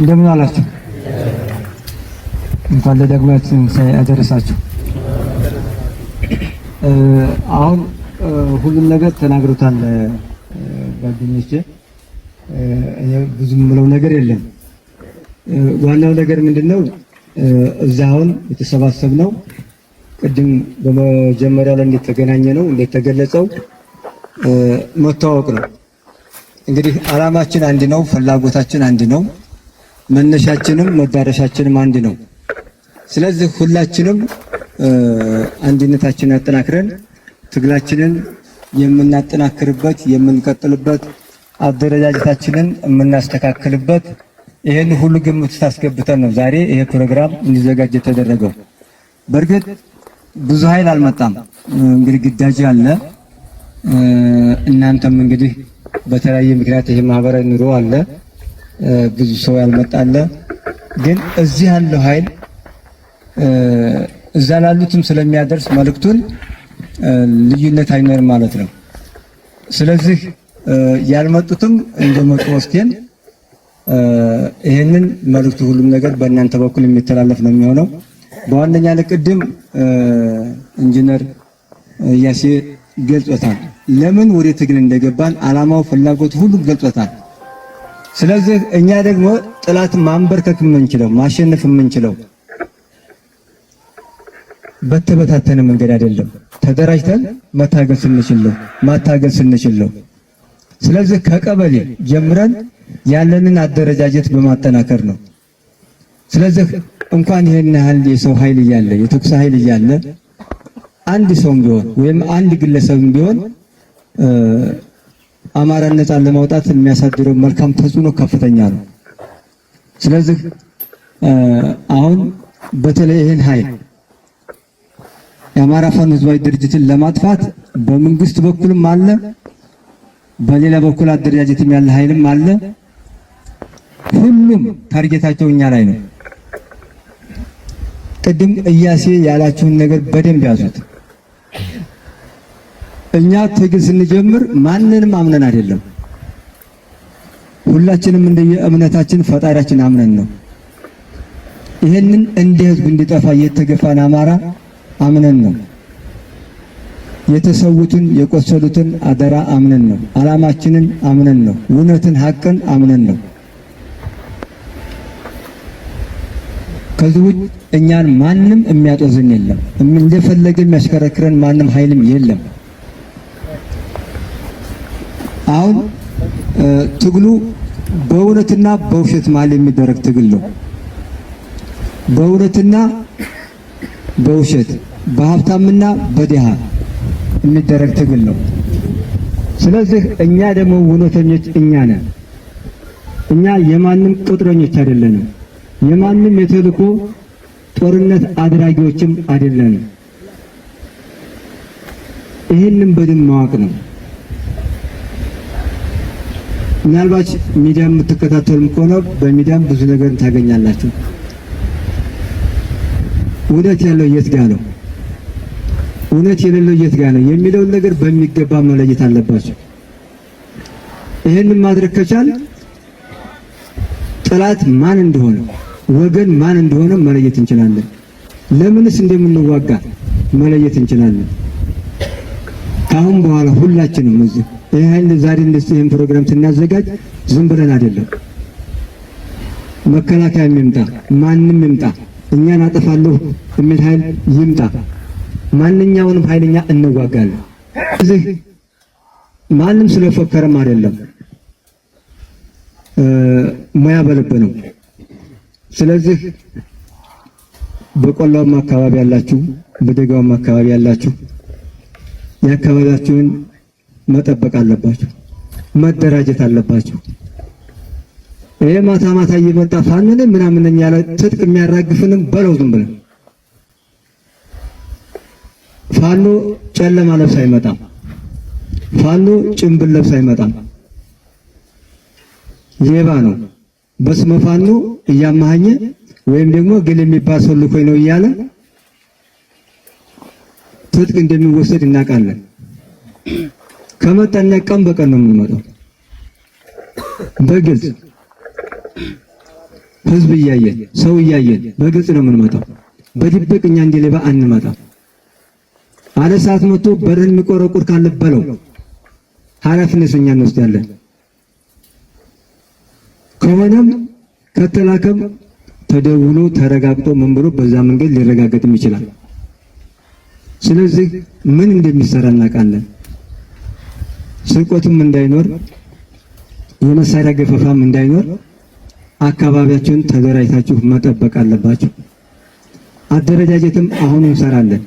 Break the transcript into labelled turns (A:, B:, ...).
A: እንደምን አላችሁ? እንኳን ለዳግማዊ ትንሣኤ አደረሳችሁ። አሁን ሁሉም ነገር ተናግሮታል ጓደኞቼ። ብዙ ምለው ነገር የለም። ዋናው ነገር ምንድነው? እዛ አሁን የተሰባሰብ ነው ቅድም በመጀመሪያ ላይ እንደተገናኘ ነው እንደተገለጸው መተዋወቅ ነው። እንግዲህ አላማችን አንድ ነው፣ ፍላጎታችን አንድ ነው። መነሻችንም መዳረሻችንም አንድ ነው። ስለዚህ ሁላችንም አንድነታችንን አጠናክረን ትግላችንን የምናጠናክርበት የምንቀጥልበት አደረጃጀታችንን የምናስተካክልበት ይህን ሁሉ ግምት ታስገብተን ነው ዛሬ ይሄ ፕሮግራም እንዲዘጋጅ የተደረገው። በእርግጥ ብዙ ኃይል አልመጣም። እንግዲህ ግዳጅ አለ። እናንተም እንግዲህ በተለያየ ምክንያት ይሄ ማህበራዊ ኑሮ አለ። ብዙ ሰው ያልመጣለ ግን እዚህ ያለው ኃይል እዛ ላሉትም ስለሚያደርስ መልእክቱን ልዩነት አይኖርም ማለት ነው። ስለዚህ ያልመጡትም እንደመጡ ወስደን ይህንን መልእክቱ ሁሉም ነገር በእናንተ በኩል የሚተላለፍ ነው የሚሆነው። በዋነኛ ቅድም ኢንጂነር እያሴ ገልጾታል። ለምን ወደ ትግል እንደገባን አላማው፣ ፍላጎቱ ሁሉም ገልጾታል። ስለዚህ እኛ ደግሞ ጥላት ማንበርከክ የምንችለው ማሸነፍ የምንችለው በተበታተነ መንገድ አይደለም፣ ተደራጅተን መታገል ስንችል ማታገል ስንችል ስለዚህ ከቀበሌ ጀምረን ያለንን አደረጃጀት በማጠናከር ነው። ስለዚህ እንኳን ይሄን ያህል የሰው ኃይል እያለ የተኩስ ኃይል እያለ አንድ ሰው ቢሆን ወይም አንድ ግለሰብ ቢሆን አማራን ነጻ ለማውጣት የሚያሳድረው መልካም ተጽዕኖ ከፍተኛ ነው። ስለዚህ አሁን በተለይ ይህን ኃይል የአማራ ፋኖ ህዝባዊ ድርጅትን ለማጥፋት በመንግስት በኩልም አለ፣ በሌላ በኩል አደረጃጀትም ያለ ኃይልም አለ። ሁሉም ታርጌታቸው እኛ ላይ ነው። ቅድም እያሴ ያላችሁን ነገር በደንብ ያዙት። እኛ ትግል ስንጀምር ማንንም አምነን አይደለም። ሁላችንም እንደየ እምነታችን ፈጣሪያችን አምነን ነው። ይሄንን እንደ ህዝብ እንዲጠፋ የተገፋን አማራ አምነን ነው። የተሰዉትን የቆሰሉትን አደራ አምነን ነው። አላማችንን አምነን ነው። እውነትን ሀቅን አምነን ነው። ከዚህ ውጭ እኛን ማንም የሚያጦዝን የለም። እንደፈለገ የሚያሽከረክረን ማንም ኃይልም የለም። አሁን ትግሉ በእውነትና በውሸት መሀል የሚደረግ ትግል ነው። በእውነትና በውሸት በሀብታምና በድሃ የሚደረግ ትግል ነው። ስለዚህ እኛ ደግሞ እውነተኞች እኛ ነን። እኛ የማንም ቁጥረኞች አይደለንም። የማንም የተልእኮ ጦርነት አድራጊዎችም አይደለንም። ይህንም በድን ማወቅ ነው። ምናልባት ሚዲያም የምትከታተሉም ከሆነ በሚዲያም ብዙ ነገር ታገኛላችሁ። እውነት ያለው የት ጋ ነው፣ እውነት የሌለው የት ጋ ነው የሚለውን ነገር በሚገባ መለየት አለባቸው። ይህንን ማድረግ ከቻል ጠላት ማን እንደሆነ ወገን ማን እንደሆነ መለየት እንችላለን። ለምንስ እንደምንዋጋ መለየት እንችላለን። ከአሁን በኋላ ሁላችንም እዚህ ይህን ዛሬ ይህን ፕሮግራም ስናዘጋጅ ዝም ብለን አይደለም። መከላከያ የሚምጣ ማንም ይምጣ እኛን አጠፋለሁ የሚል ኃይል ይምጣ፣ ማንኛውንም ኃይለኛ እንዋጋለን። እዚህ ማንም ስለፎከረም አይደለም፣ ሙያ በልብ ነው። ስለዚህ በቆላውም አካባቢ ያላችሁ፣ በደጋውም አካባቢ ያላችሁ የአካባቢያችሁን መጠበቅ አለባቸው፣ መደራጀት አለባቸው። ይሄ ማታ ማታ እየመጣ ፋንን ምናምን ያለ ትጥቅ የሚያራግፍንም በለው ዝም ብለን ፋኖ ጨለማ ለብስ አይመጣም። ፋኖ ጭንብል ለብስ አይመጣም። ሌባ ነው። በስመ ፋኖ እያማሃኘ ወይም ደግሞ ግል የሚባል ሰው ልኮኝ ነው እያለ ትጥቅ እንደሚወሰድ እናውቃለን። ከመጠለቅ ቀን በቀን ነው የምንመጣው። በግልጽ ህዝብ እያየን ሰው እያየን በግልጽ ነው የምንመጣው። በድብቅ እኛ እንደ ሌባ አንመጣም። አለ ሰዓት መጥቶ በርህን የሚቆረቁር ካለ በለው። ኃላፊነት እኛ እንወስዳለን። ከሆነም ከተላከም ተደውሎ ተረጋግጦ ምን ብሎ በዛ መንገድ ሊረጋገጥም ይችላል። ስለዚህ ምን እንደሚሰራ እናውቃለን። ስርቆትም እንዳይኖር የመሳሪያ ገፈፋም እንዳይኖር አካባቢያችሁን ተደራጅታችሁ መጠበቅ አለባችሁ። አደረጃጀትም አሁን እንሰራለን።